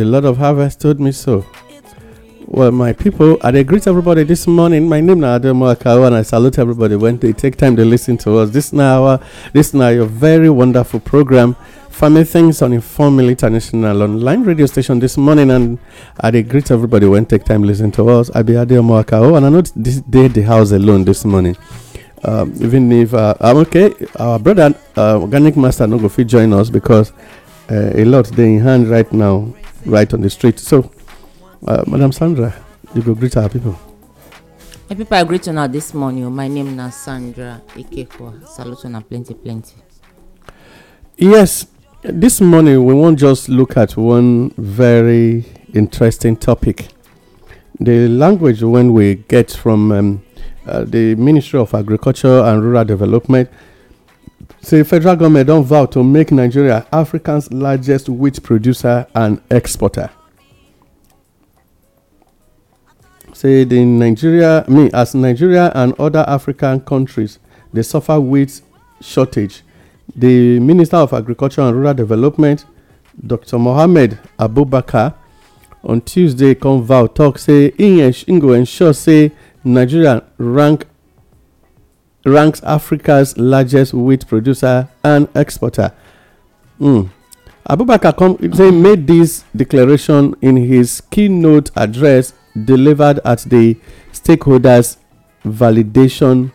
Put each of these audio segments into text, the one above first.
The Lord of Harvest told me so. Well, my people, I greet everybody this morning. My name is Ademo Akawa, and I salute everybody when they take time to listen to us. This now, uh, this now, your very wonderful program, Family Things on Informal International online radio station this morning. And I greet everybody when take time to listen to us. I be Ademo Akawa, and I know this day the house alone this morning. Um, even if uh, I'm okay, our brother, uh, Organic Master, no go fit join us because uh, a lot they in hand right now right on the street. So, uh, Madam Sandra, you go greet our people. The people I greet you now this morning, my name is Sandra Ikekwa. Salute and plenty, plenty. Yes, this morning we won't just look at one very interesting topic. The language, when we get from um, uh, the Ministry of Agriculture and Rural Development, Say federal government don't vow to make Nigeria Africa's largest wheat producer and exporter. Say the Nigeria, I me mean, as Nigeria and other African countries, they suffer wheat shortage. The Minister of Agriculture and Rural Development, Dr. Mohammed Abubakar, on Tuesday, come vow talk say he go ensure say Nigeria rank ranks Africa's largest wheat producer and exporter. Mm. Abubakar Kom- made this declaration in his keynote address delivered at the stakeholders validation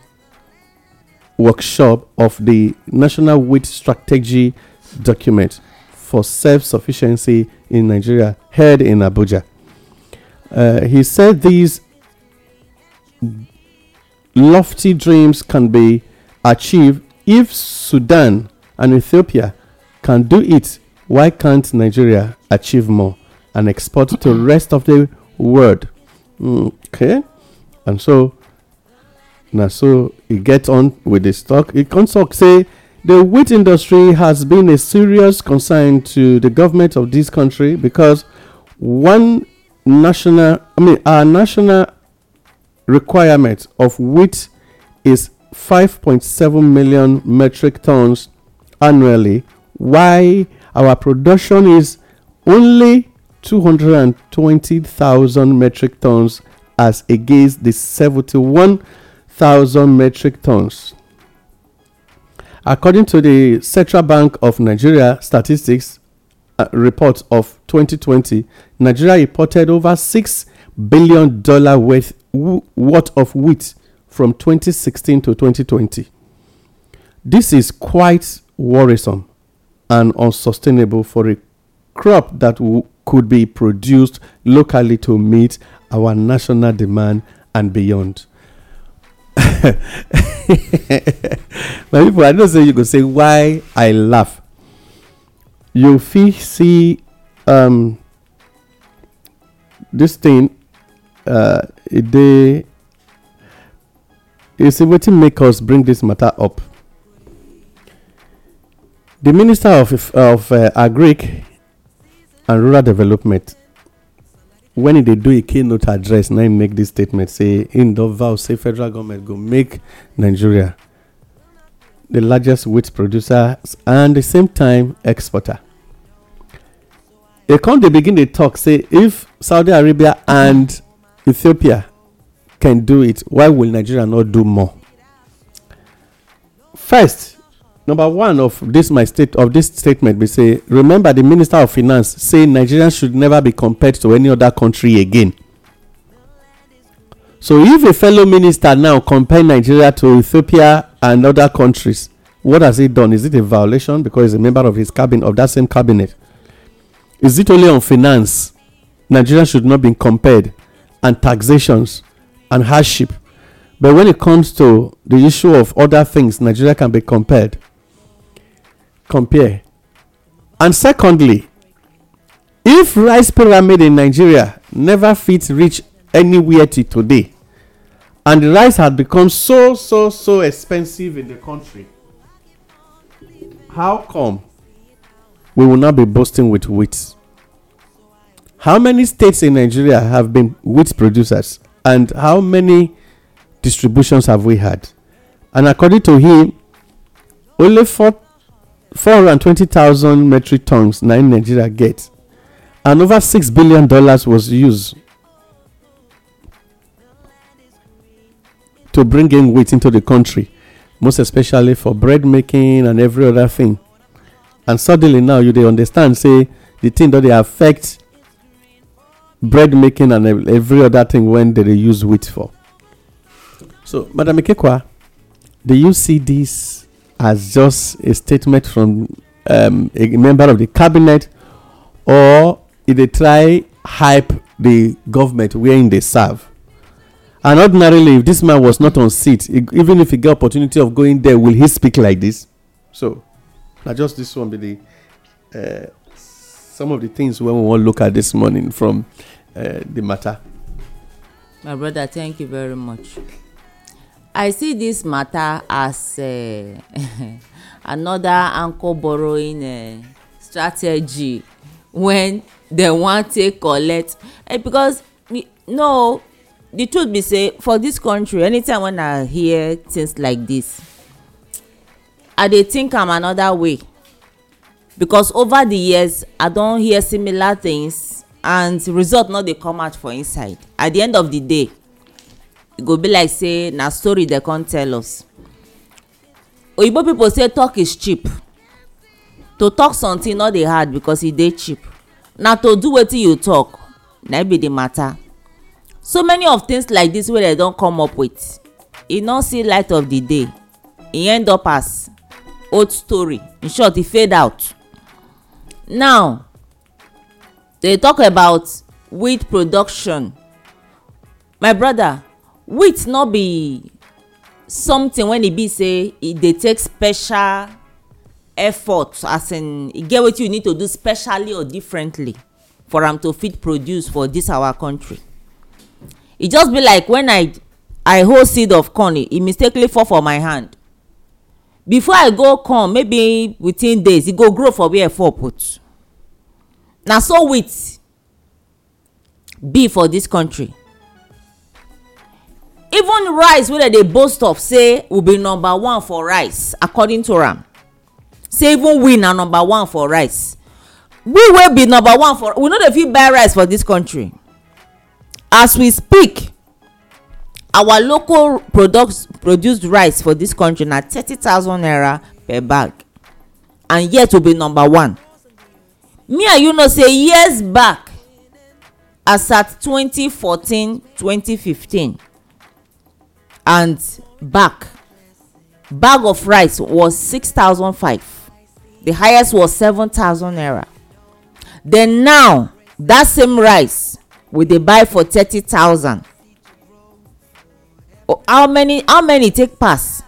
workshop of the National Wheat Strategy document for self sufficiency in Nigeria, held in Abuja. Uh, he said these lofty dreams can be achieved if Sudan and Ethiopia can do it. Why can't Nigeria achieve more and export to the rest of the world? Mm, okay, and so now so it gets on with the stock. It can talk say the wheat industry has been a serious concern to the government of this country because one national, I mean, our national requirement, of wheat is 5.7 million metric tons annually, why our production is only 220,000 metric tons as against the 71,000 metric tons. According to the Central Bank of Nigeria statistics uh, report of 2020, Nigeria imported over $6 billion worth worth of wheat from 2016 to 2020. This is quite worrisome and unsustainable for a crop that w- could be produced locally to meet our national demand and beyond. My people, I don't say you could say why I laugh. You see um, this thing uh, e dey you see wetin make us bring this matter up The minister of of uh, agric and rural development when e dey do a keynote address now im make this statement say in the vow say federal government go make nigeria the largest wheat producer and the same time exporter They come they begin dey talk: say if saudi arabia and Ethiopia can do it, why will Nigeria not do more? First, number one of this my state of this statement we say remember the minister of finance saying nigerians should never be compared to any other country again so if a fellow minister now compare nigeria to ethiopia and other countries what has he done is it a violation because he's a member of his cabinet of that same cabinet is it only on finance nigeria should not be compared and taxations and hardship. But when it comes to the issue of other things, Nigeria can be compared. Compare. And secondly, if rice pyramid in Nigeria never fits rich anywhere to today, and the rice had become so so so expensive in the country, how come we will not be boasting with wheat? How many states in Nigeria have been wheat producers, and how many distributions have we had? And according to him, only four 420,000 metric tons nine Nigeria get, and over six billion dollars was used to bring in wheat into the country, most especially for bread making and every other thing. And suddenly now you they understand say the thing that they affect bread making and every other thing when did they use wheat for. So, Madam Ikekwa, do you see this as just a statement from um, a member of the cabinet, or did they try hype the government wherein they serve? And ordinarily, if this man was not on seat, e-, even if he get opportunity of going there, will he speak like this? So, now just this one be the uh, some of the things when we want look at this morning from uh, the matter. My brother, thank you very much. I see this matter as uh, another anchor borrowing uh, strategy when they want to collect uh, because we, no the truth be say for this country anytime when i hear things like this i dey think am another way because over the years i don hear similar things and result no dey come out for inside at the end of the day e go be like say na story dem come tell us oyibo people say talk is cheap to talk something no dey hard because e dey cheap na to do wetin you talk na be the matter so many of things like this wey dem don come up with e no see light of the day e end up as old story in short e fade out now dey talk about wheat production my brother wheat no be something wen e be say e dey take special effort as in e get wetin you need to do specially or differently for am to fit produce for this our country e just be like when i i hold seed of corn e mistakenly fall for my hand before i go come maybe within days e go grow for where fall put na so wheat be for dis country even rice wey dem dey boast of say will be number one for rice according to am say even we na number one for rice we wey be number one for we no dey fit buy rice for dis country as we speak our local products produced rice for this country na thirty thousand naira per bag and yet we be number one me and you know say years back as at 2014 2015 and back bag of rice was six thousand five the highest was seven thousand naira then now that same rice we dey buy for thirty thousand how many how many take pass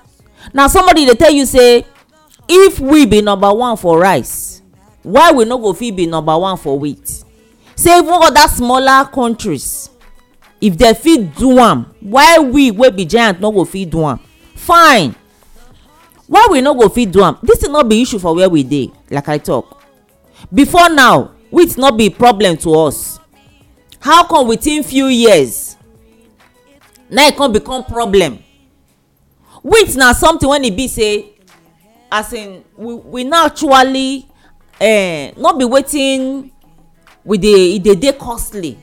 na somebody dey tell you say if we be number one for rice why we no go fit be number one for wheat say even other smaller countries if dem fit do am why we wey be giant no go fit do am fine why we no go fit do am this thing no be issue for where we dey like i talk before now wheat no be problem to us how come within few years na e come become problem wheat na something when e be say as in we we naturally eh, no be wetin we dey e dey dey costly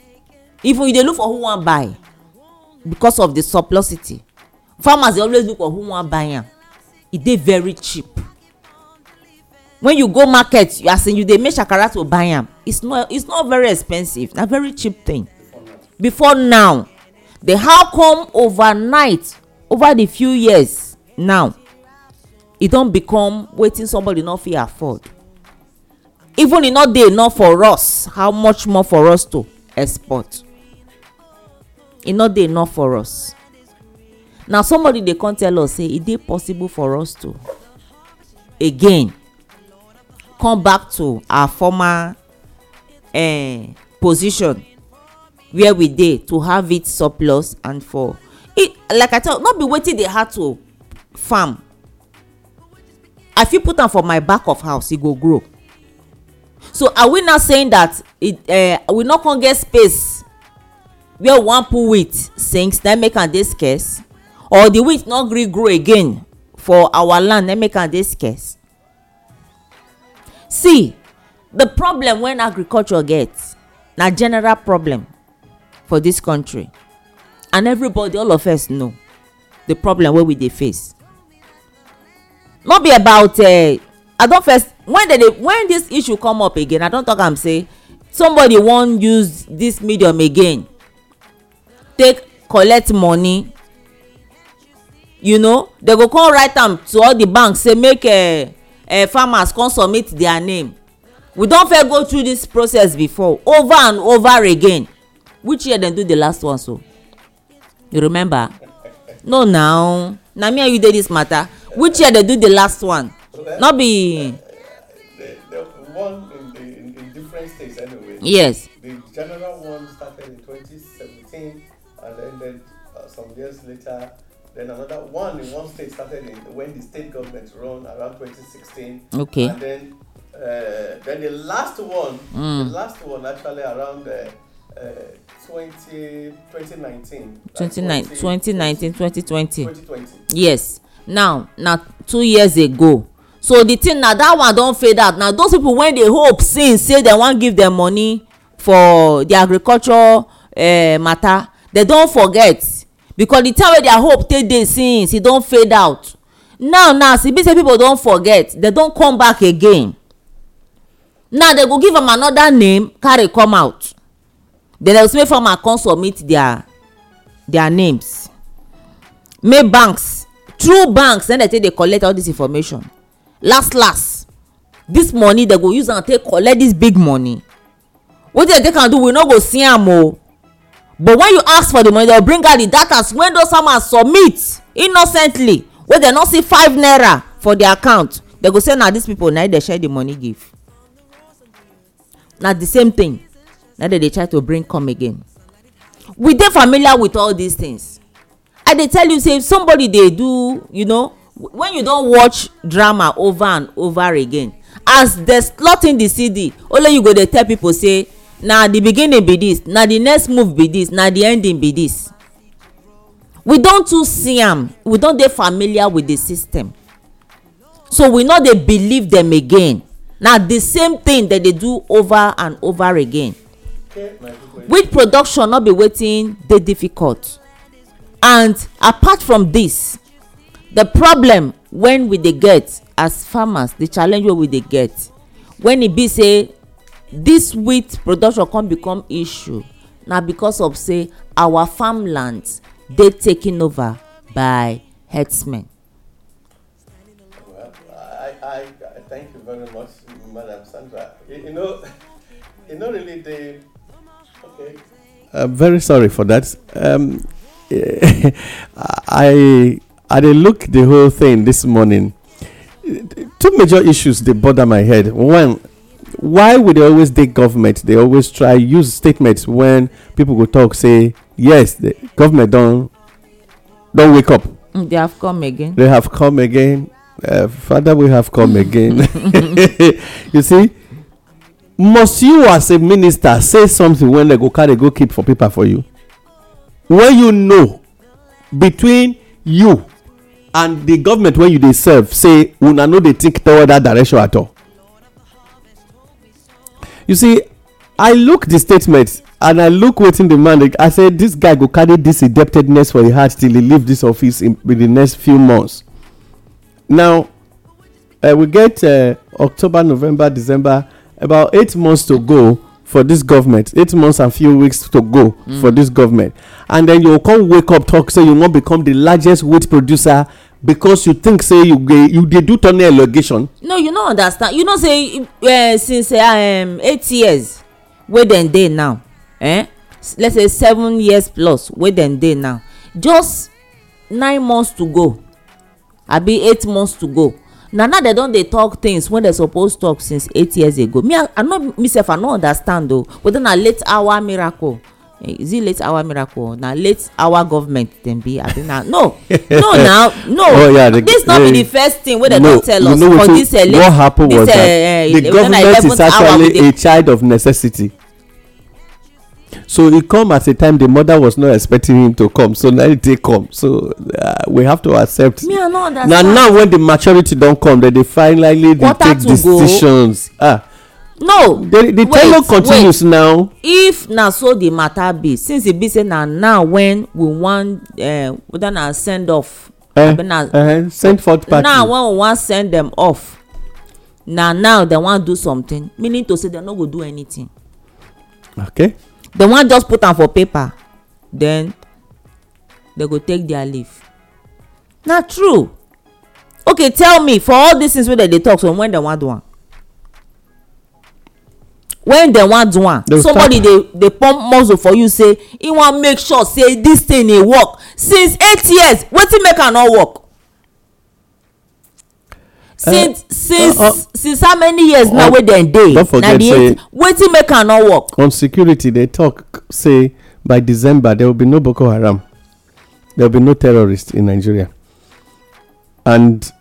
even you dey look for who wan buy because of the surplusity farmers dey always look for who wan buy am e dey very cheap when you go market as in you dey make shakara to buy am it's not it's not very expensive na very cheap thing before now then how come overnight over the few years now e don become wetin somebody no fit afford even e no dey enough for us how much more for us to export e no dey enough for us na somebody dey come tell us say e dey possible for us to again come back to our former uh, position where we dey to have it surplus and for it like i tell not be wetin dey hard to farm i fit put am for my back of house e go grow so are we now saying that it uh, we no come get space where we wan put wheat since na make am dey scarce or the wheat no gree grow again for our land then make am dey scarce see the problem wey agriculture get na general problem for this country and everybody all of us know the problem wey we dey face no be about uh, i don first when dey when this issue come up again i don talk am say somebody wan use this medium again take collect money you know they go come write am to all the banks say make uh, uh, farmers come submit their name we don fair go through this process before over and over again which year dem do the last one so you remember no now na me and you dey this matter which year dem do the last one no be. the the one in the in, in different states anyway. yes. the general one started in 2017 and ended uh, some years later then another one in one state started in when the state government run around 2016. okay and then uh, then the last one. Mm. the last one actually around. Uh, 20, 2019 2019 2020 yes now na two years ago so the thing na that one don fade out na those people wey dey hope since say dem wan give dem money for the agriculture uh, matter dem don forget because the time wey their hope take dey since e don fade out now now as e be say people don forget dem don come back again now dem go give am another name carry come out then they else make farmer come submit their their names make banks through banks then dem take dey collect all this information last last this money they go use am take collect this big money wetin they take am do we no go see am o but when you ask for the money they dem bring out the data wey those farmers submit innocently wey they no see five naira for their account they go say na these people na they share the money give na the same thing na dem dey try to bring come again we dey familiar with all these things i dey tell you say somebody dey do you know when you don watch drama over and over again as dey slotting the cd only you go dey tell people say na the beginning be this na the next move be this na the ending be this we don too see am we don dey familiar with the system so we no dey believe them again na the same thing dem dey do over and over again wheat production no be wetin dey difficult and apart from this, the problem wen we dey get as farmers the challenge wey we dey get when e be say this wheat production come become issue na because of say our farmlands dey taken over by herdsmen. Well, I, I, thank you very much, Madam Sandra. You, you know, you know, really, the Okay. I'm very sorry for that. Um, I I did look the whole thing this morning. Two major issues they bother my head. One, why would they always take government? They always try use statements when people go talk say yes, the government don't don't wake up. Mm, they have come again. They have come again. Uh, Father, we have come again. you see must you as a minister say something when they go carry go keep for paper for you when you know between you and the government wey you dey serve say una no dey think toward that direction at all you see i look the statement and i look wetin the man i say this guy go carry this indebtedness for e heart till he leave this office in di next few months now eh, we get eh, october november december about eight months to go for this government eight months and few weeks to go mm. for this government and then you come wake up talk say you wan become the largest wheat producer because you think say you dey you dey do tunnel allocation. no you no understand you know say uh, since uh, um, eight years wey dem dey now eh let's say seven years plus wey dem dey now just nine months to go abi eight months to go na now dem don dey talk things wey dem suppose talk since eight years ago me i no myself i no understand o whether na late hour miracle eh, is it late hour miracle na late hour government dem be abi na no no na no oh, yeah, the, this no be the eh, first thing wey dem no, don tell us you know, for this uh, late this uh, uh, the government is actually a child of necessity so he come at a time the mother was not expecting him to come so now he take come so uh, we have to accept me i no understand Now, now when the maturity don come dem they finally dey take decisions ah no the the tailor continues now if na so the matter be since e be say na now when we wan eh, whether na send off eh, na eh, send forth party now when we wan send them off na now they wan do something meaning to say dem no go do anything. okay dem wan just put am for paper den dem go take their leave na true okay tell me for all these things wey dem dey talk so when dem wan do am when dem wan do am somebody dey pump muscle for you say e wan make sure say dis thing dey work since eight years wetin make am no work since eh, since oh, oh. since how many years oh, now wey dem dey na di eight wetin make am no work on security dey talk say by december there will be no boko haram there will be no terrorists in nigeria and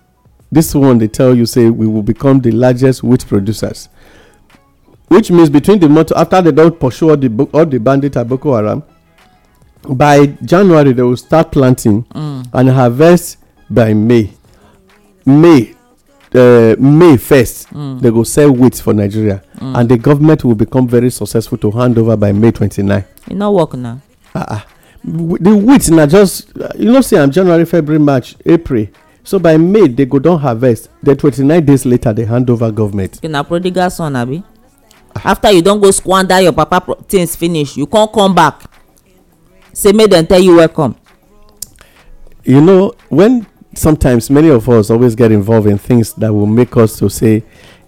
this one dey tell you say we will become the largest wheat producers which means between the month after they don pursue all the bandits at boko haram by january they will start planting mm. and harvest by may may Uh, may 1st mm. they go sell wheat for nigeria mm. and the government will become very successful to hand over by may 29 e not work now. na ah, ah. the wheat now just you know see I'm january february march april so by may they go don harvest then 29 days later they hand over government you e na prodigal son abi ah. after you don't go squander your papa things finish you can't come back say May then tell you welcome you know when sometimes many of us always get involved in things that will make us to say,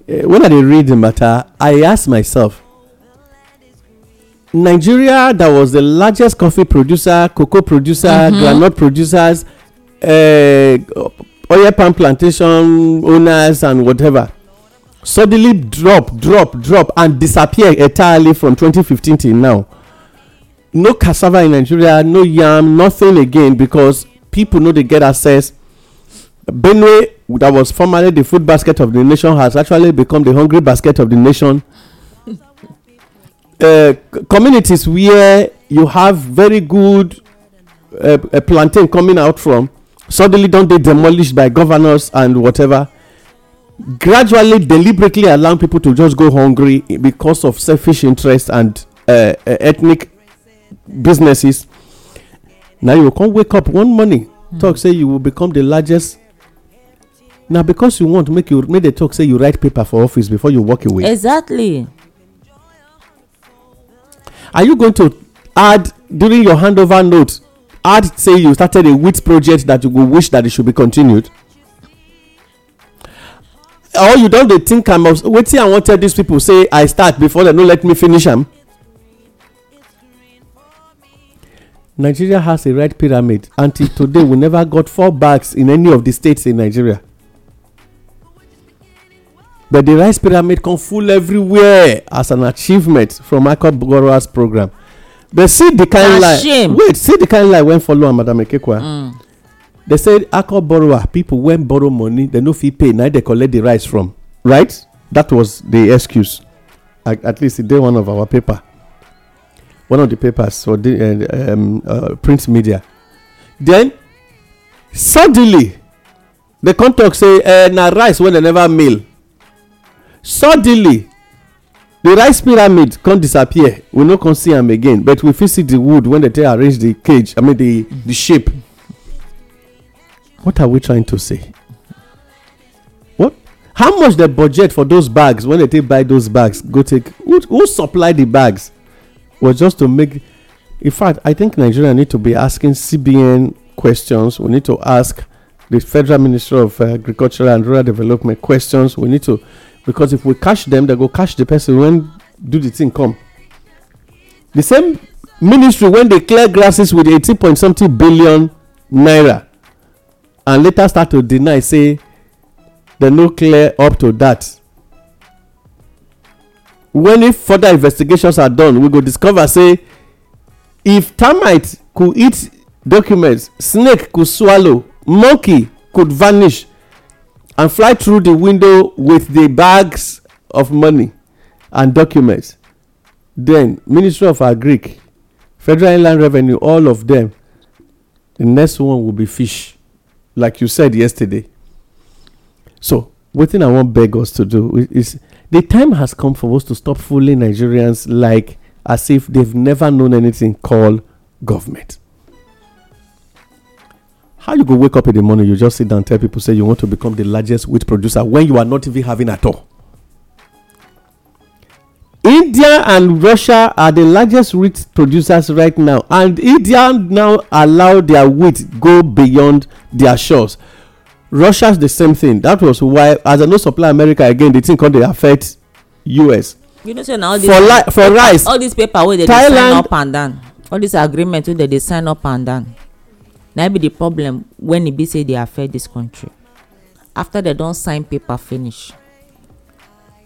uh, when I read the matter, I ask myself, Nigeria, that was the largest coffee producer, cocoa producer, mm-hmm. granite producers, uh, oil palm plantation owners, and whatever, suddenly drop, drop, drop, and disappear entirely from 2015 till now. No cassava in Nigeria, no yam, nothing again because people know they get access Benue, that was formerly the food basket of the nation, has actually become the hungry basket of the nation. uh, communities where you have very good uh, a plantain coming out from suddenly don't they demolished by governors and whatever gradually deliberately allowing people to just go hungry because of selfish interests and uh, uh, ethnic businesses now you can't wake up one morning mm. talk hmm. say you will become the largest na because you want make you make the talk say you write paper for office before you walk away exactly are you going to add during your handover note add say you started a wheat project that you go wish that it should be continued or you don dey think am of wetin i wan tell these people say i start before dem no let me finish am nigeria has a red pyramid until today we never got four bags in any of the states in nigeria but di rice pyramid come full everywhere as an achievement from akpaborowa's program but see the kind lie wait see the kind lie wey follow am madam ikekwa mm. they say akpaborowa people wey borrow money They no fit pay na they collect the rice from right that was the excuse at least e dey one of our paper one of the papers or uh, um, uh, print media then suddenly dem come talk say eh, na rice wey dem never mill suddenly the rice pyramid come disappear we no come see am again but we fit see the wood when they take arrange the cage i mean the the shape what are we trying to say what how much the budget for those bags when they take buy those bags go take who who supply the bags was just to make in fact i think nigeria need to be asking cbn questions we need to ask the federal minister of uh, agriculture and rural development questions we need to because if we catch them they go catch the person when do the thing come the same ministry when they clear grasses with 18 point something billion naira and later start to deny say they no clear up to that. when if further investigations are done we go discover say if termite could eat documents snake could swallow monkey could vanish and fly through the window with the bags of money and documents. Then, Ministry of Agric, Federal Inland Revenue, all of them. The next one will be fish, like you said yesterday. So, one thing I want beggars to do is the time has come for us to stop fooling Nigerians like as if they've never known anything called government. how you go wake up in the morning you just sit down tell people say you want to become the largest wheat producer when you are not even having at all india and russia are the largest wheat producers right now and india now allow their wheat go beyond their shores russia's the same thing that was why as i no supply america again the thing come dey affect us you know say na all this for, li- for rice all this paper wey dey sign up and down all this agreement wey dey sign up and down na be the problem when e be say dey affect this country after they don sign paper finish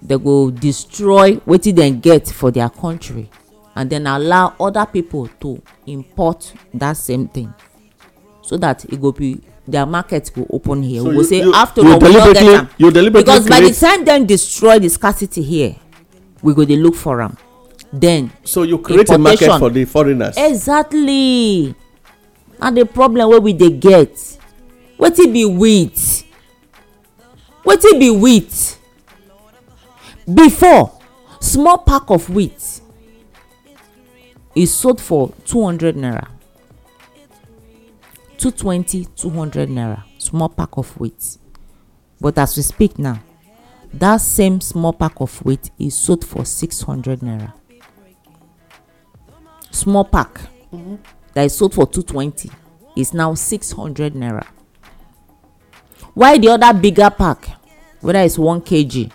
they go destroy wetin dem get for their country and then allow other people to import that same thing so that e go be their market go open here so we go say you, after all we no get am because by the time dem destroy the scarcity here we go dey look for am then so you create a market for the foreigners exactly na the problem wey we dey get wetin be wheat wetin be wheat before small pack of wheat e sold for two hundred naira two twenty two hundred naira small pack of wheat but as we speak now that same small pack of wheat is sold for six hundred naira small pack. Mm -hmm that is sold for 220 is now 600 naira Why the other bigger pack whether it's 1 kg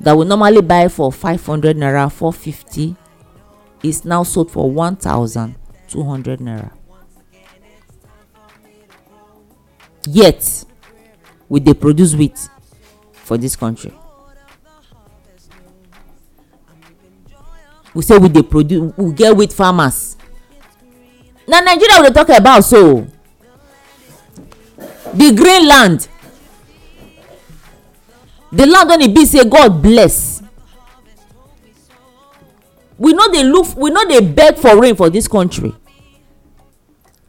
that we normally buy for 500 naira 450 is now sold for 1200 naira yet we they produce wheat for this country we say we they produce we get wheat farmers na nigeria we dey talk about so the green land the land wey e be say god bless we no dey look we no dey beg for rain for this country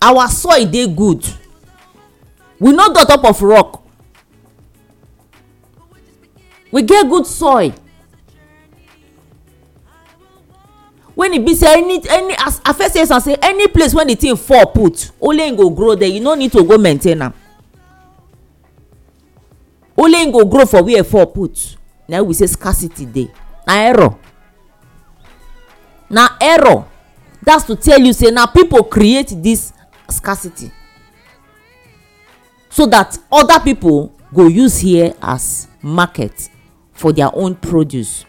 our soil dey good we no dey top of rock we get good soil when e be say any any as i first say say any place wey the thing fall put only go grow there you no need to go maintain am only go grow for where fall put na we say scarcity dey na error na error that's to tell you say na people create this scarcity so that other people go use here as market for their own produce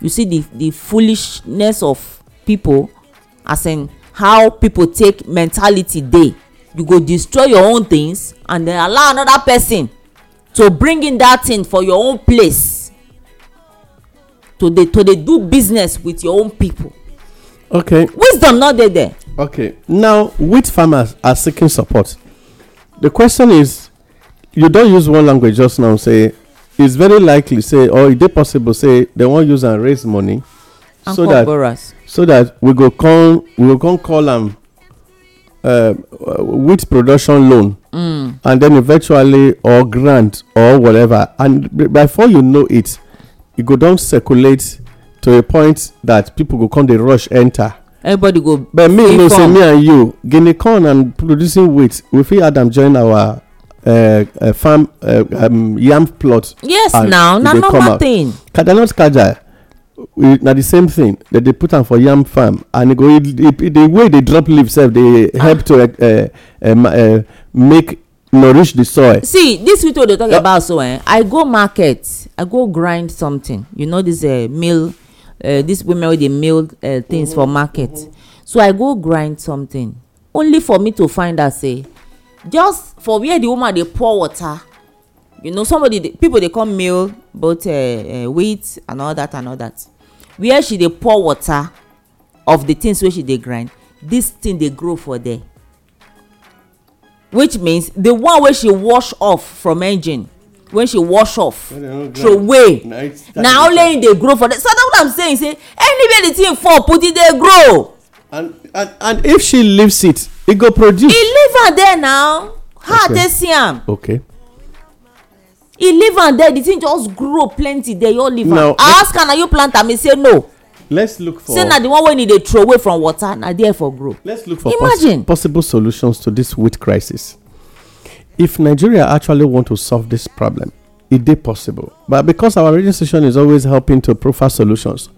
you see the the foolishness of people as in how people take mentality dey you go destroy your own things and then allow another person to bring in that thing for your own place to dey to dey do business with your own people. okay wisdom no dey there. okay now wheat farmers are seeking support the question is you don use one language just now say it's very likely say or e dey possible say dem wan use am raise money so that so that we go come we go come call am um, wheat production loan mm. and then eventually or grant or whatever and before you know it e go don circulate to a point that people go come dey rush enter. everybody go but me know say me and you guinea corn and producing wheat we fit add am join our Uh, uh, farm uh, um yam plot yes now na normal thing kadalot kaja na the same thing dem dey put am for yam farm and go the way dey drop leaf sef dey ah. help to make nourish the soil see this week wey we dey talk about so eh i go market i go grind something you know this dis mill dis women wey dey mill things mm-hmm. for market so i go grind something only for me to find out say just for where the woman dey pour water you know somebody dey people dey come mail both uh, uh, wheat and all that and all that where she dey pour water of the things wey she dey grind this thing dey grow for there which means the one wey she wash off from engine when she wash off throway na only im e dey grow for there so that's what i'm saying say anywhere the thing fall put it dey grow. and and and if she leaves it e go produce e leave am there now how i take see am okay e leave am there the thing just grow plenty there you all leave am i ask am na you plant am e say no let's look for say na the one wey need dey throw away from water na there for grow let's look for imagine possible solutions to this wheat crisis if nigeria actually want to solve this problem e dey possible but because our radio station is always helping to provide solutions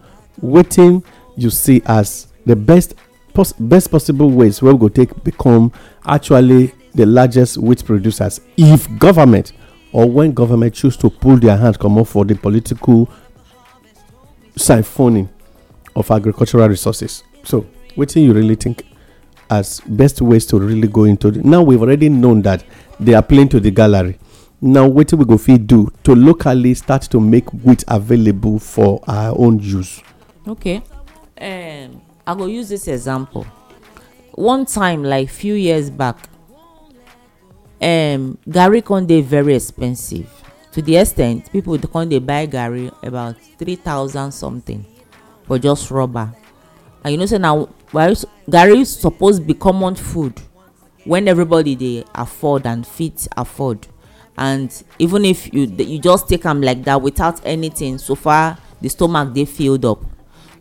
wetin you see as the best pos- best possible ways where we go take become actually the largest wheat producers if government or when government choose to pull their hands come off for the political siphoning of agricultural resources so what do you really think as best ways to really go into now we've already known that they are playing to the gallery now what do we go feed do to locally start to make wheat available for our own use okay um, i go use this example one time like few years back um, garri con dey very expensive to the extent people con dey buy garri about three thousand something for just rubber and you know say na garri suppose be common food when everybody dey afford and fit afford and even if you you just take am like that without anything so far the stomach dey filled up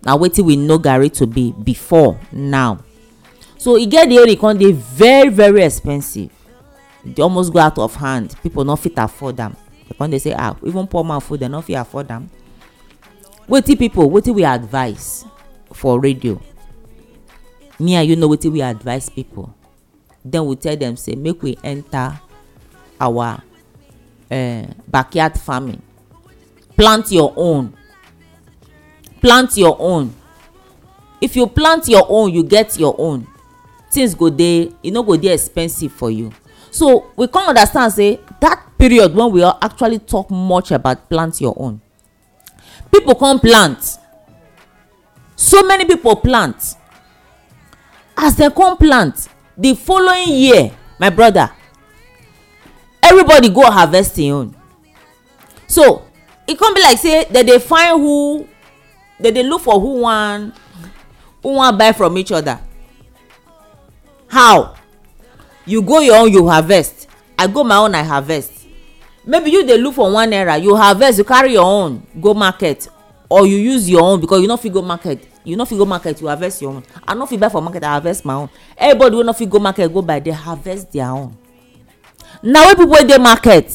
na wetin we know garri to be before now so e get the area come dey very very expensive dey almost go out of hand people no fit afford am dey come dey say ah even poor man food dem no fit afford am wetin people wetin we advise for radio me and you know wetin we advise people then we tell them say make we enter our uh, backyard farming plant your own plant your own if you plant your own you get your own things go dey e no go dey expensive for you so we come understand say that period when we actually talk much about plant your own people come plant so many people plant as dem come plant the following year my brother everybody go harvest im e own so e come be like say dem dey find who They dey look for who wan who wan buy from each other how you go your own you harvest i go my own i harvest maybe you dey look for one naira you harvest you carry your own go market or you use your own because you no fit go market you no fit go market you harvest your own i no fit buy for market i harvest my own everybody wey no fit go market go buy dey harvest their own na wey people wey dey market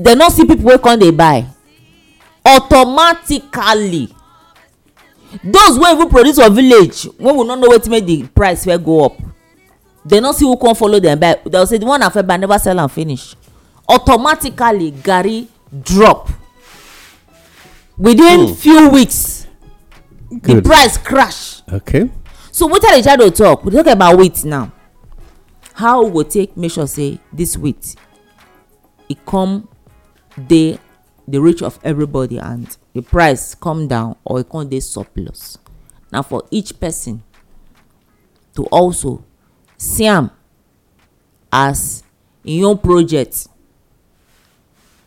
dem no see people wey come dey buy automatically those wey even produce for village wey we no know wetin make the price wey go up dem no see who come follow dem buy dem say the one na feba never sell am finish automatically garri drop within mm. few weeks Good. the price crash okay so wetin i dey try to talk we talk about wheat now how we go take make sure say this wheat e come dey the reach of everybody and the price come down or e come dey surplus na for each person to also see am as im e own project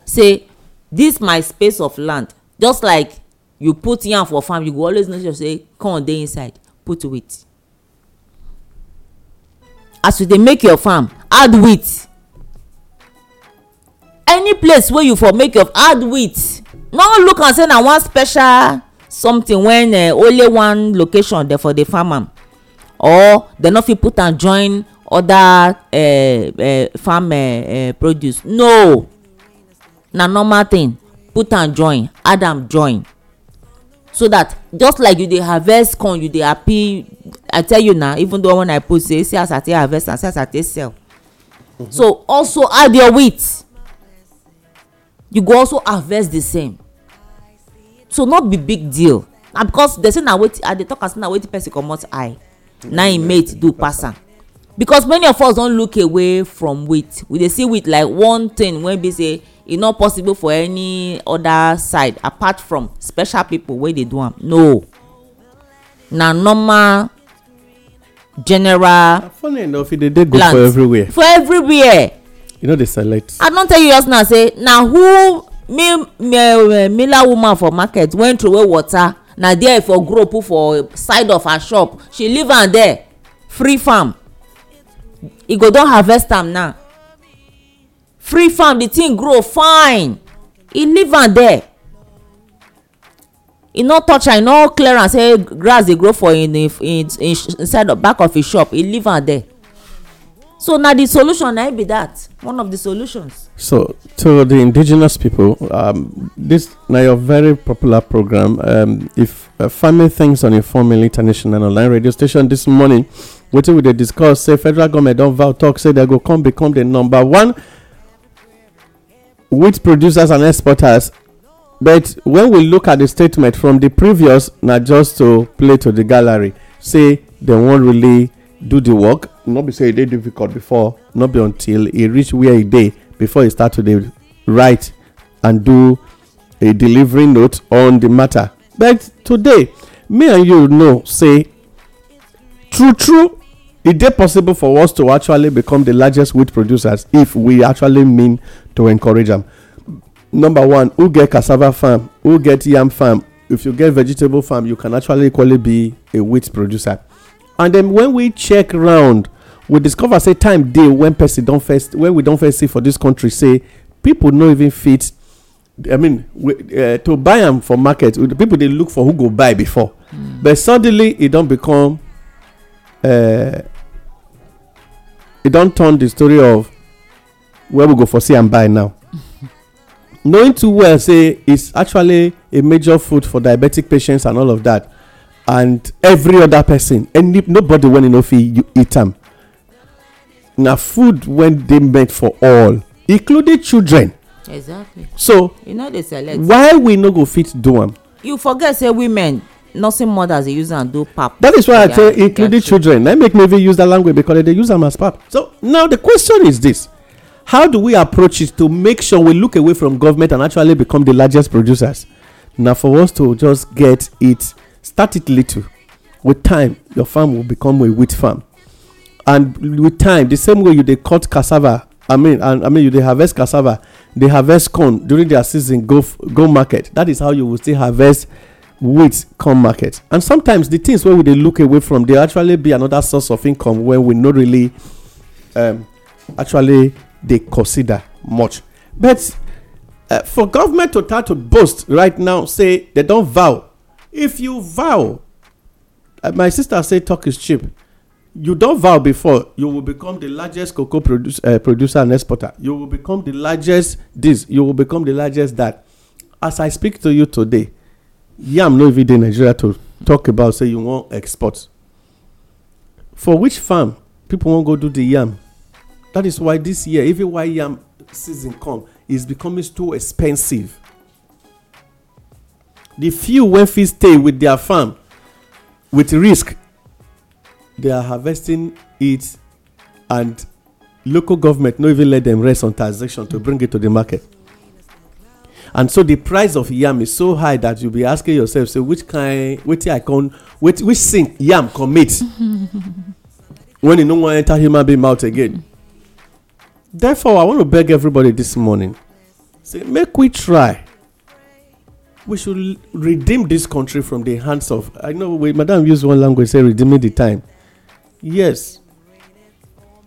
say this my space of land just like you put yam for farm you go always know sure say corn dey inside put wheat as you dey make your farm add wheat any place wey you for make your add with no look am say na one special something when uh, only one location dey for dey farm am or dem no fit put am join other uh, uh, farm uh, uh, produce no na normal thing put am join add am join so that just like you dey harvest corn you dey happy i tell you na even though when i post say see as i take harvest and see as i take sell mm -hmm. so also add your wheat you go also harvest the same so not be big deal na because dey say na wetin i dey talk am say na wetin person comot eye na im mate do pass am because many of us don look away from weight. we dey see weight like one thing wey be say e no possible for any other side apart from special people wey dey do am no na normal general. enough e for everywhere. for everywhere you know dey select i don tell you just now say na who uh, miller woman for market wen throway water na there for grow put for side of her shop she leave am there free farm e go don harvest am now free farm the thing grow fine e leave am there e no touch am e no clear am say grass dey grow for in him inside back of him shop e leave am there so na the solution na eh, be that one of the solutions. so to the indigenous people um, this na your very popular program um, if uh, farming things on your informal international online radio station this morning wetin we dey discuss say federal government don vow talk say dem go come become the number one wheat producers and exporters but when we look at the statement from the previous na just to play to the gallery say dem wan really do the work no be say e dey difficult before no be until e reach where e dey before e start to dey write and do a delivery note on the matter but today me and you know say true true e dey possible for us to actually become the largest wheat producers if we actually mean to encourage am number one who get cassava farm who get yam farm if you get vegetable farm you can actually equally be a wheat producer and then when we check round we discover say time dey when person don first when we don first see for this country say people no even fit i mean eh, to buy am for market the people dey look for who go buy before hmm. but suddenly e don become uh, e don turn the story of where we go for see am buy now knowing too well say it's actually a major food for diabetic patients and all of that and every other person and nobody wey no fit eat am na food wey dey meant for all including children exactly so why we no go fit do am you forget say women nursing mothers dey use am do pap that is why i say including children na make me even use that language because they dey use am as pap so now the question is this how do we approach it to make sure we look away from government and actually become the largest producers na for us to just get it start it little with time your farm will become a wheat farm and with time the same way you dey cut cassava i mean and i mean you dey harvest cassava dey harvest corn during their season go go market that is how you will still harvest wheat come market and sometimes the things wey we dey look away from dey actually be another source of income wey we no really um, actually dey consider much but uh, for government to start to boast right now say they don vow If you vow, uh, my sister say talk is cheap. You don't vow before, you will become the largest cocoa produce, uh, producer and exporter. You will become the largest this, you will become the largest that. As I speak to you today, yam no even dey Nigeria to talk about say you wan export. For which farm people wan go do the yam? That is why this year, even why yam season come, is becoming too expensive the few wey fit stay with their farm with risk they are harvesting it and local government no even let them rest on transaction to bring it to the market and so the price of yam is so high that you be asking yourself say which kind wetin i con which which sin yam commit when e no wan enter human being mouth again therefore i want to beg everybody this morning say make we try we should redeem this country from the hands of. I know, we, Madam use one language, say redeeming the time. Yes.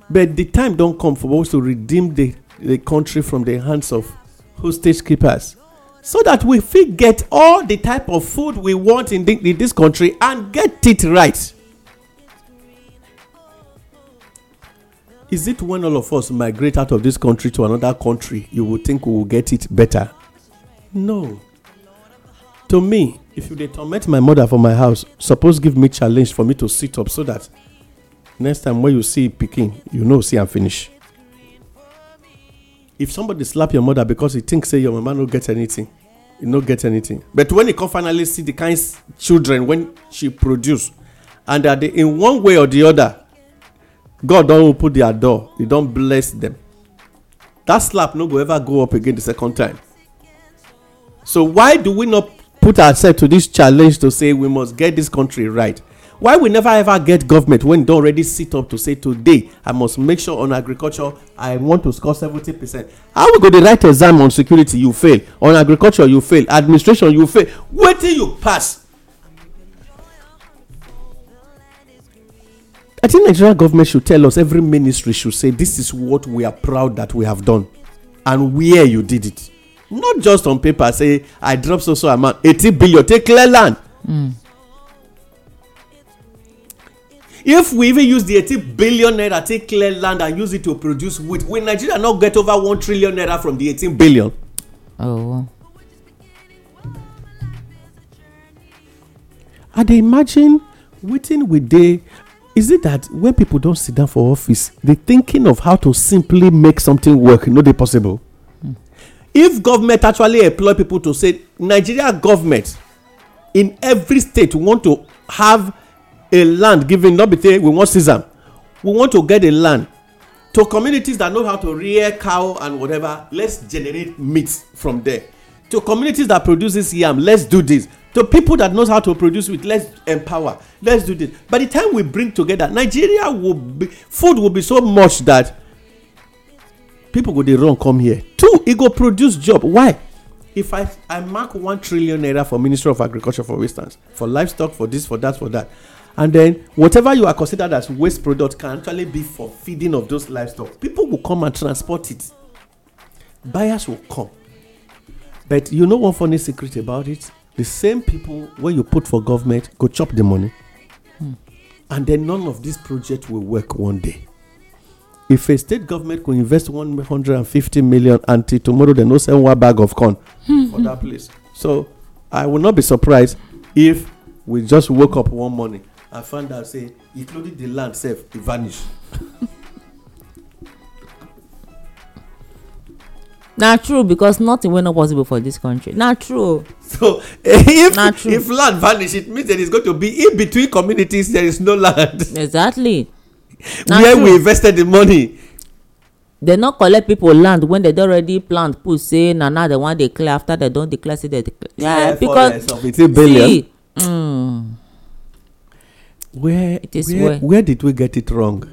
But the time don't come for us to redeem the, the country from the hands of hostage keepers so that we fit get all the type of food we want in, the, in this country and get it right. Is it when all of us migrate out of this country to another country you would think we will get it better? No to me if you dey torment my mother for my house suppose give me challenge for me to sit up so that next time when you see pikin you know see am finish if somebody slap your mother because he think say your mama no get anything he no get anything but when he come finally see the kind children when she produce and that they in one way or the other god don open their door he don bless them that slap no go ever go up again the second time so why do we not put ourselves to this challenge to say we must get this country right why we never ever get government when they already sit up to say today i must make sure on agriculture i want to score seventy percent how we go the right exam on security you fail on agriculture you fail administration you fail wetin you pass i think nigerian government should tell us every ministry should say this is what we are proud that we have done and where you did it not just on paper say i drop so so amount eighty billion take clear land. Mm. if we even use the eighty billion naira take clear land and use it to produce wheat will nigeria not get over one trillion naira from the eighteen billion. Oh. i dey imagine wetin we dey is it that when people don sit down for office the thinking of how to simply make something work no dey possible. Hmm if government actually employ people to say nigeria government in every state want to have a land given not be say we wan seize am we want to get a land to communities that know how to rear cow and whatever let's generate meat from there to communities that produces yam let's do this to people that knows how to produce with let's empower let's do this by the time we bring together nigeria will be food will be so much that people go dey run come here two e go produce job why if i i mark one trillion naira for ministry of agriculture for instance for livestock for this for that for that and then whatever you are considered as waste product can actually be for feeding of those livestock people will come and transport it buyers will come but you know one funny secret about it the same people wey you put for government go chop the money mm. and then none of this project will work one day if a state government could invest one hundred and fifty million until tomorrow they no sell one bag of corn hmm. for that place so i will not be surprised if we just woke up one morning and find out say including the land sef e vanish. na true because nothing wey no possible for dis country na true. so if true. if land vanish it means there is going to be in between communities there is no land. exactly where we invested the money dem no collect pipo land when dem don already plant put say na now dem wan declare after dem don declare say dem declare yeah because see mm, where where where did we get it wrong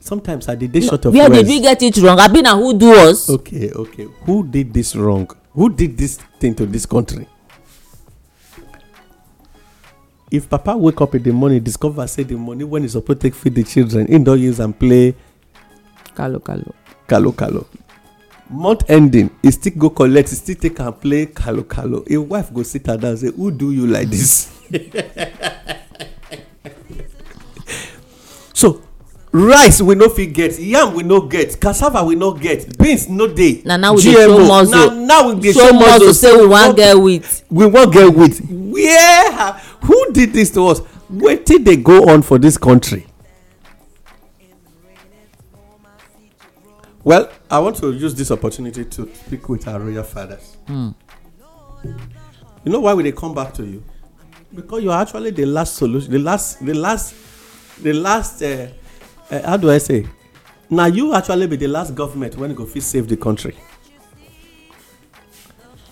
sometimes i dey dey short of words where did we get it wrong abi na who do us. okay okay who did this wrong who did this thing to this country if papa wake up in the morning discover say the money when he suppose take feed the children he don use am play kalo kalo kalo kalo month ending he still go collect he still take am play kalo kalo him wife go sit her and say who do you like this rice we no fit get yam we no get cassava we no get beans no dey na now we dey show muscle na now we dey show muscle say we wan get wheat we wan get wheat where who did this to us wetin dey go on for this country well i want to use this opportunity to speak with our royal fathers hmm. you know why we dey come back to you because you are actually the last solution the last the last the last eh, Eh, how do i say Now you actually be the last government when go fit save the country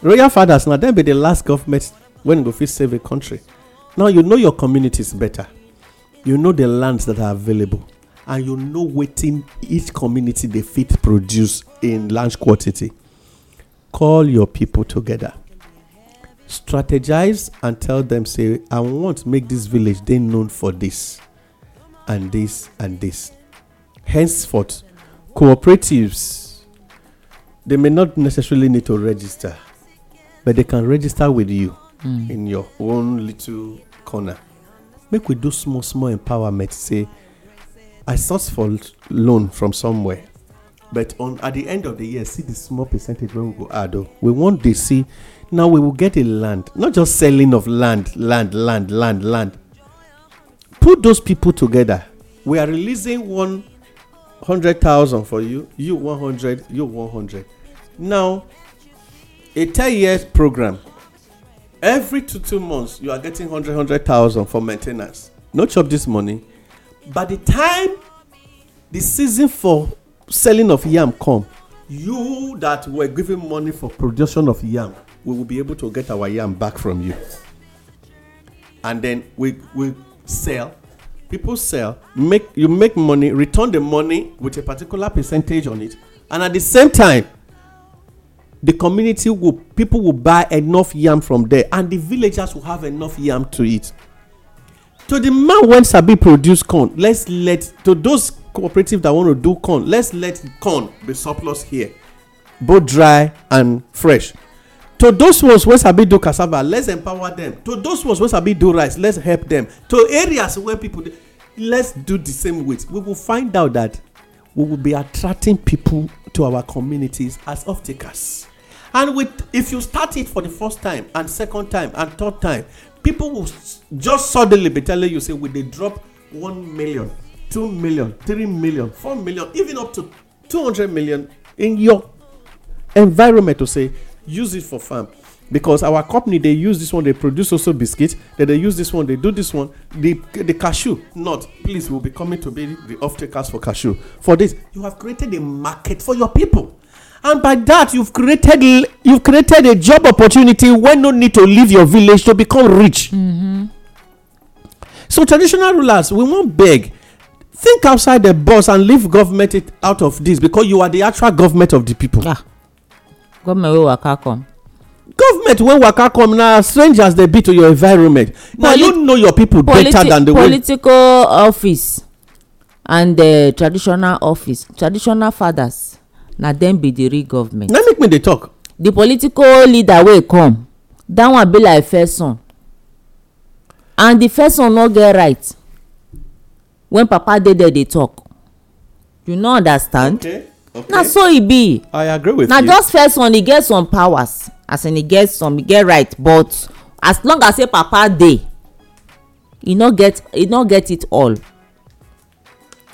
royal fathers now them be the last government when go fit save the country now you know your communities better you know the lands that are available and you know within each community they fit produce in large quantity call your people together strategize and tell them, say i want to make this village they known for this and this and this. Henceforth, cooperatives, they may not necessarily need to register, but they can register with you mm. in your own little corner. Make we do small, small empowerment. Say, I source for loan from somewhere, but on at the end of the year, see the small percentage when we go add. Oh. we want to see now we will get a land, not just selling of land, land, land, land, land put those people together we are releasing 100000 for you you 100 you 100 now a 10 years program every two two months you are getting 100000 for maintenance no chop this money by the time the season for selling of yam come you that were giving money for production of yam we will be able to get our yam back from you and then we we sell people sell make you make money return the money with a particular percentage on it and at the same time the community will people will buy enough yam from there and the villagers will have enough yam to eat to the man when sabi produce corn let's let to those cooperative that want to do corn let's let corn be surplus here both dry and fresh to those ones wey sabi do cassava let's empower them. to those ones wey sabi do rice let's help them. to areas where people dey let's do the same with we will find out that we will be attracting people to our communities as off takers and with if you start it for the first time and second time and third time people will just suddenly be telling you say we dey drop one million two million three million four million even up to two hundred million in your environment to say use it for farm because our company dey use this one dey produce also biscuit then dey use this one dey do this one the the cashew nut please will be coming to be the off takers for cashew for this you have created a market for your people and by that you've created you've created a job opportunity when no need to leave your village to become rich. Mm-hmm. so traditional rulers we wan beg think outside the box and leave government out of this because you are the actual government of the people. Ah government wey waka come government wey waka come na strangers dey be to your environment na you know your people better than the way political office and eh, traditional office traditional fathers na dem be the real government na make me dey talk. the political leader wey come that one be like first son and the first son no get right when papa dey there dey talk you no understand okay okay na so e be i agree with you na just first one e get some powers as in e get some e get right but as long as say papa dey e no get e no get it all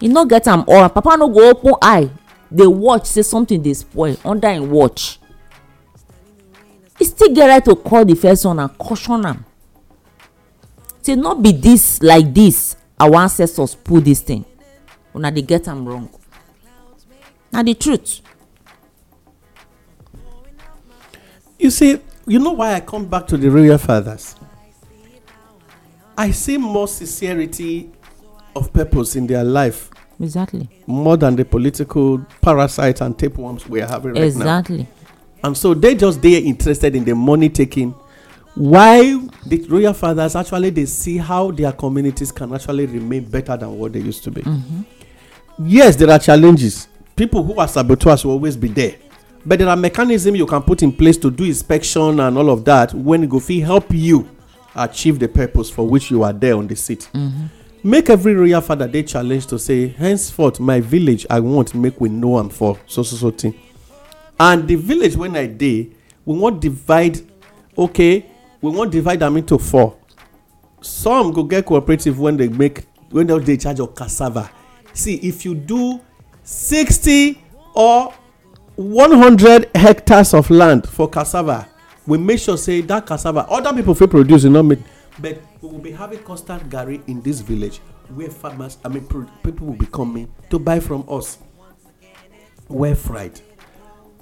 e no get am all papa no go open eye dey watch say something dey spoil under im watch e still get right to call the first one and caution am say no be this like this our ancestors pull this thing una dey get am wrong na the truth. you see you know why i come back to the royal fathers i see more sincerity of purpose in their life exactly more than the political parasites and tapeworms we are having right exactly. now exactly and so they just they interested in the money taking why the royal fathers actually they see how their communities can actually remain better than what they used to be mm-hmm. yes there are challenges people who are saboteurs will always be there but there are mechanisms you can put in place to do inspection and all of that when go fit help you achieve the purpose for which you are there on the seat. Mm-hmm. Make every royal father day challenge to say, henceforth my village I want make we know am for so so so thing. And the village when I day we won't divide okay, we won't divide them into four. Some go get cooperative when they make when they charge of cassava. See if you do Sixty or one hundred hectares of land for cassava we make sure say that cassava other people fit produce you know me. but we will be having constant garri in this village where farmers i mean people will be coming to buy from us well fried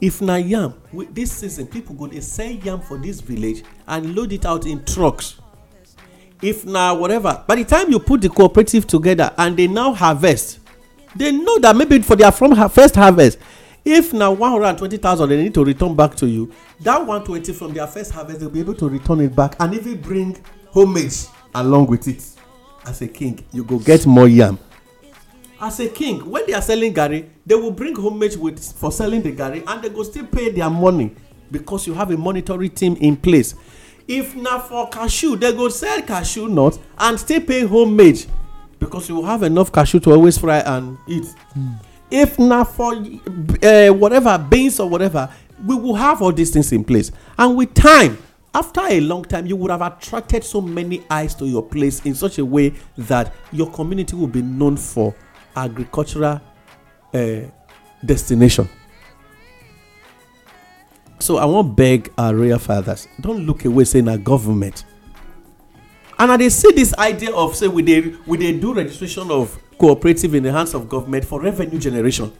if na yam we, this season people go dey sell yam for this village and load it out in trucks if na whatever by the time you put the cooperative together and they now harvest they know that maybe for their from first harvest if na one hundred and twenty thousand they need to return back to you that one twenty from their first harvest they be able to return it back and even bring homage along with it as a king you go get more yam as a king when they are selling garri they will bring homage with for selling the garri and they go still pay their money because you have a monetary team in place if na for cashew they go sell cashew nut and still pay homage because you have enough cashew to always fry and eat. Mm. If not for uh, whatever beans or whatever, we will have all these things in place. And with time, after a long time, you would have attracted so many eyes to your place in such a way that your community will be known for agricultural uh, destination. So I won't beg our real fathers, don't look away saying our government and i dey see this idea of say we dey do registration of cooperative in the hands of government for revenue generation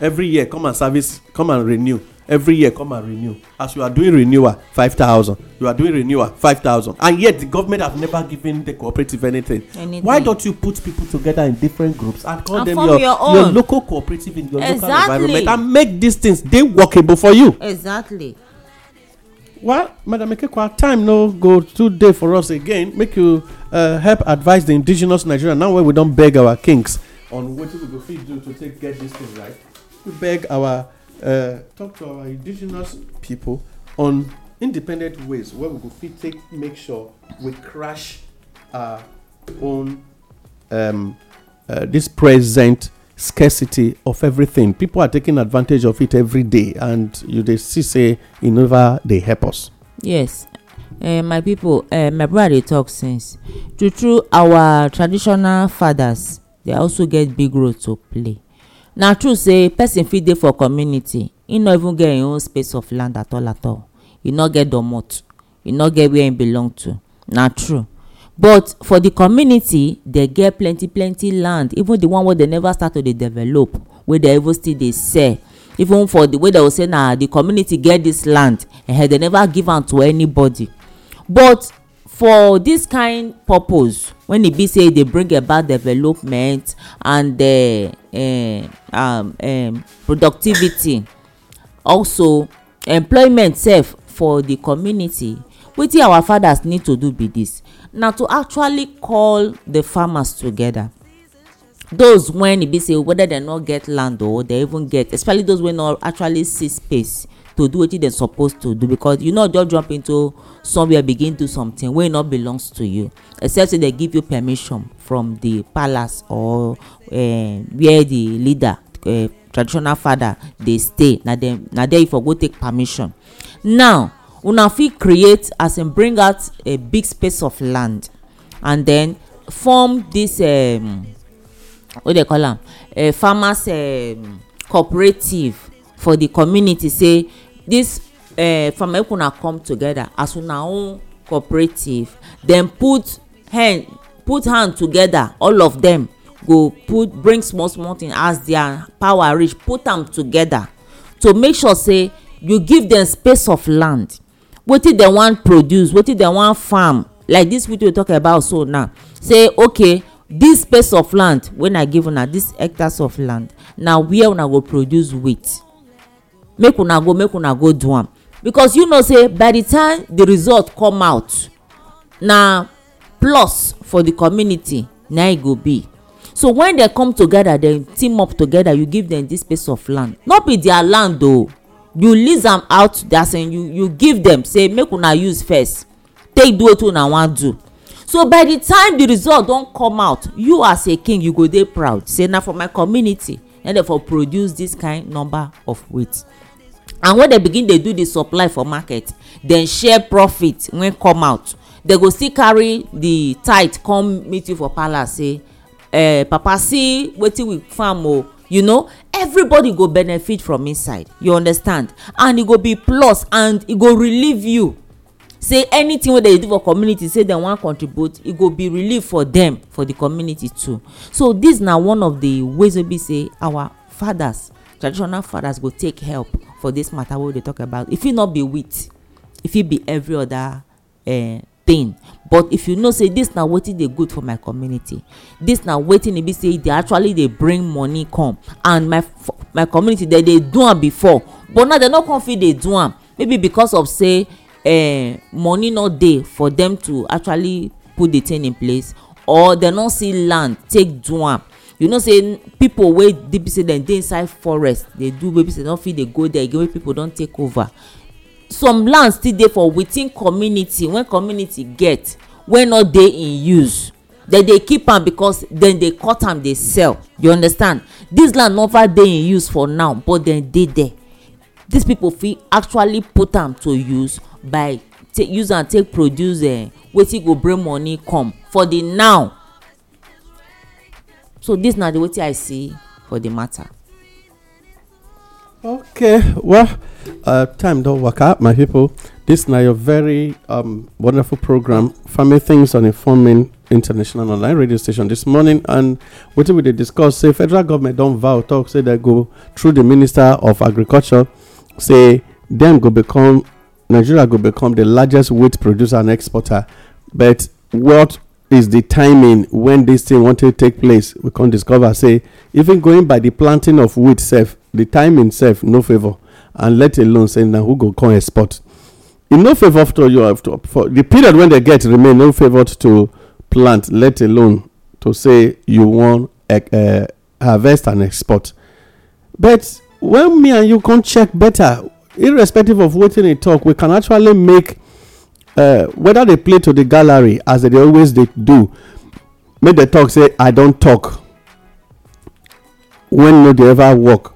every year come and service come and renew every year come and renew as you are doing renewal five thousand you are doing renewal five thousand and yet the government have never given the cooperative anything. anything why don't you put people together in different groups and call and them your your, your local cooperative in your exactly. local environment and make these things dey workable for you. exactly well madam ikekwa time no go too dey for us again make you uh, help advise the indigenous nigeria now where we don't beg our kings on what we go fit do to take get this thing right we beg our uh, talk to our indigenous people on independent ways where we go fit take make sure we crash our own um, uh, this present scarcity of everything people are taking advantage of it every day and you dey see say e never dey help us. yes uh, my people uh, my brother dey talk since true true our traditional fathers dey also get big role to play na true say person fit dey for community e no even get im e own space of land at all at all e no get domot e no get where im e belong to na true but for the community they get plenty plenty land even the one wey they never start to dey develop wey they even still dey sell even for the wey dey say na the community get this land and eh, they never give am to anybody but for this kind purpose when e be say e dey bring about development and uh, um, um, productivity also employment sef for the community wetin our fathers need to do be this na to actually call the farmers together those when e be say whether dem no get land or dem even get especially those wey no actually see space to do wetin dem suppose to do because you no just jump into somewhere begin do something wey no belongs to you except say dem give you permission from the palace or uh, where the leader uh, traditional father dey stay na dem na there you for go take permission now una fit create as in bring out a big space of land and then form this um, what they call am a farmers um, cooperative for the community say this uh, farmer make una come together as una own cooperative then put hand put hand together all of them go put bring small small thing as their power reach put am together to make sure say you give them space of land wetin dem wan produce wetin dem wan farm like this video talk about so now say okay this space of land wey i give una this hectares of land na where una go produce wheat make una go make una go do am because you know say by the time the result come out na plus for the community na e go be so when dem come together dem team up together you give dem this space of land no be their land o you lease am out as in you you give dem say make una use first take do wetin una wan do so by the time the result don come out you as a king you go dey proud say na for my community na dem for produce this kind number of weight. and when dem begin dey do the supply for market dem share profit wey come out dem go still carry the tithe come meet you for palace say eh, papa see wetin we farm o you know everybody go benefit from inside you understand and e go be plus and e go relieve you say anything wey dem dey do for community say dem wan contribute e go be relief for dem for the community too so this na one of the ways wey be say our fathers traditional fathers go take help for this matter wey we dey talk about e fit not be wheat e fit be every other uh, thing but if you know say this na wetin dey good for my community this na wetin e be say e dey actually dey bring money come and my my community dey dey do am before but now dem no come fit dey do am maybe because of say uh, money no dey for dem to actually put the thing in place or dem no see land take do am you know say people wey dey be say dem dey inside forest dey do baby say no fit dey go there again wey people don take over some land still dey for within community when community get wey no dey in use dem dey keep am because dem dey cut am dey sell you understand this land never dey in use for now but dem dey there these people fit actually put am to use by use am take produce uh, wetin go bring money come for the now so this na the wetin i see for the matter. Okay, well, uh, time don't work out, my people. This now your very um, wonderful program, Family Things on Informing International Online Radio Station this morning. And what we discuss, say federal government don't vow talk, say they go through the Minister of Agriculture, say them go become Nigeria go become the largest wheat producer and exporter. But what is the timing when this thing want to take place? We can discover, say, even going by the planting of wheat self, the time itself no favor, and let alone say na who go come export e no favor to you have to for the period wey dem get remain no favor to plant let alone to say you wan eh, eh, harvest and export but when me and you come check better irrespective of wetin e talk we can actually make eh, whether they play to the gallery as they always dey do make dem talk say i don talk when no dey ever work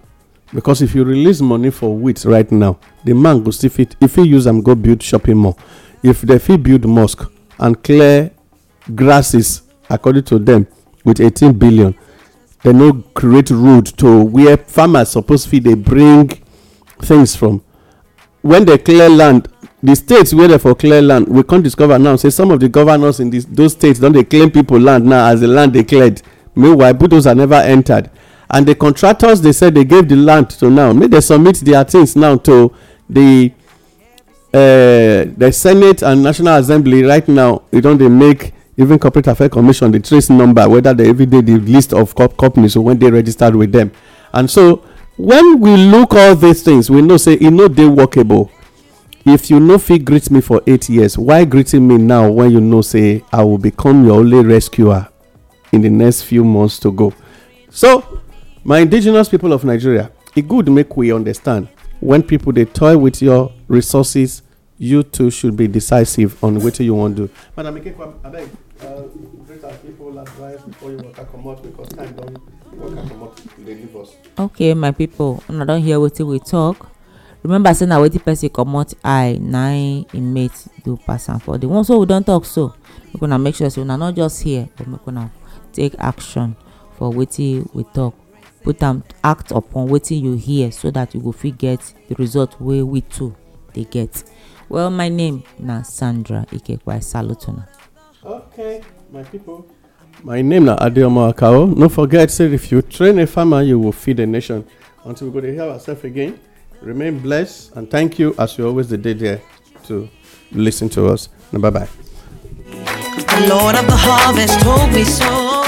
because if you release money for wheat right now the man go still fit if he use am go build shopping mall if they fit build mosque and clear grasses according to them, with eighteen billion they no create road to where farmers suppose fit dey bring things from when they clear land the states where they for clear land we come discover now say some of the governors in those states don dey claim people land now as the land dey cleared meanwhile bulldozers never entered and the contractors they said they gave the land to now may they submit their things now to the uh, the senate and national assembly right now you don they make even corporate affairs commission dey trace number whether they even dey the list of co companies or when they registered with them and so when we look all these things we know say e no they workable if you no fee greet me for eight years why greeting me now when you know say i will become your only rescuer in the next few months to go so my indigenous people of nigeria e good make we understand when people dey toy with your resources you too should be decisive on wetin you wan do. madam ikekwa abeg uh, greet our people last drive before you waka comot because time don waka comot dey leave us. okay my people una don hear wetin we talk remember say na wetin person comot eye na im im mate do pass am for the one so we don talk so make una make sure say una no just hear but make una take action for wetin we talk put am um, act upon wetin you hear so that you go fit get the result wey we too dey get well my name na sandra ikekwe salute una. okay my people. my name na adeomo akao no forget say if you train a farmer you will feed a nation until we go to hear ourselves again remain blessed and thank you as you always did there to listen to us bye bye. The Lord of the harvest told me so.